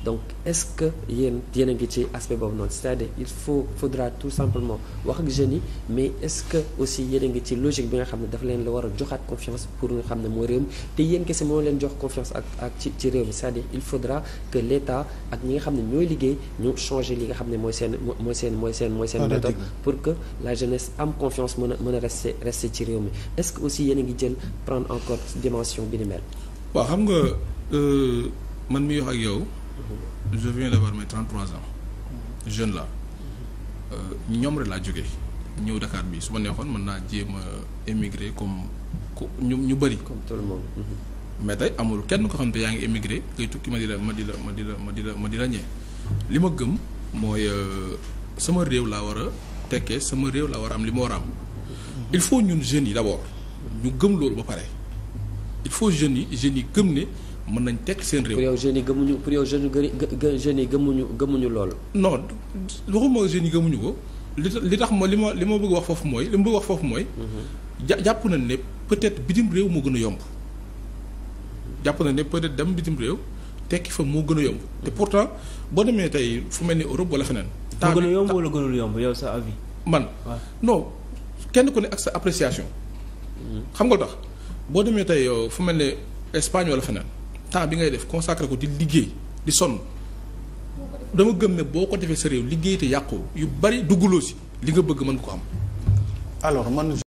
donc est-ce que yéen yéen a ngi ci aspect boobu noonu c'est-à-dire il faut wax ak jeunes mais est-ce que aussi yéen a ngi ci logique bi nga xam ne dafa leen war a joxaat confiance pour nga xam ne mooy réew mi te yéen kese moo ak ak ci ci réew mi cest à ak ñi nga xam ne ñooy liggéey ñu changer li nga xam ne mooy seen mooy seen mooy seen mooy seen méthode pour que la jeunesse am a mën a rester ci réew mi est-ce que aussi yéen ngi jël prendre encore dimension bi ni mel waaw xam nga euh, man mi wax ak yow je viens d'avoir mes 33 ans jeune là euh, ñoom rek laa jóge ñëw Dakar bi su ma neexoon mën naa jéem a émigré comme ku ñu ñu bëri. comme tout le mm-hmm. mais tey amul kenn ko xam te yaa ngi émigré ngay tukki ma di la ma di la ma di la ma di la ma di la ñee li ma gëm mooy euh, sama réew laa war a tekkee sama réew laa war am li ma war a am il faut ñun jeunes yi d'abord ñu gëm loolu ba pare. il faut jeunes yi jeunes yi gëm ne mën nañ tekk seen réew. pour yow jeunes yi gëmuñu pour yow jeunes yi gëmuñu gëmuñu lool. non waxuma jeunes yi gëmuñu ko li li tax ma li ma li ma bëgg wax foofu mooy li wax foofu mooy. Mhm. jàpp nañ ne peut-être bitim réew moo gën a yomb. jàpp nañ ne peut-être dem bitim réew tekki fa moo gën a yomb. te mhm. pourtant boo demee tey fu mel ni Europe wala feneen. moo gën a yomb wala gënul yomb yow sa avis. man non kenn ku ne ak sa appréciation. Mhm. xam nga lu tax. boo demee tey euh, fu mel ne Espagne wala feneen temps bi ngay def consacré ko di liggéey di sonn dama gëm ne boo ko defee sa réew liggéey te yàqu yu bari dugguloo si li nga bëgg mën ko am alors man.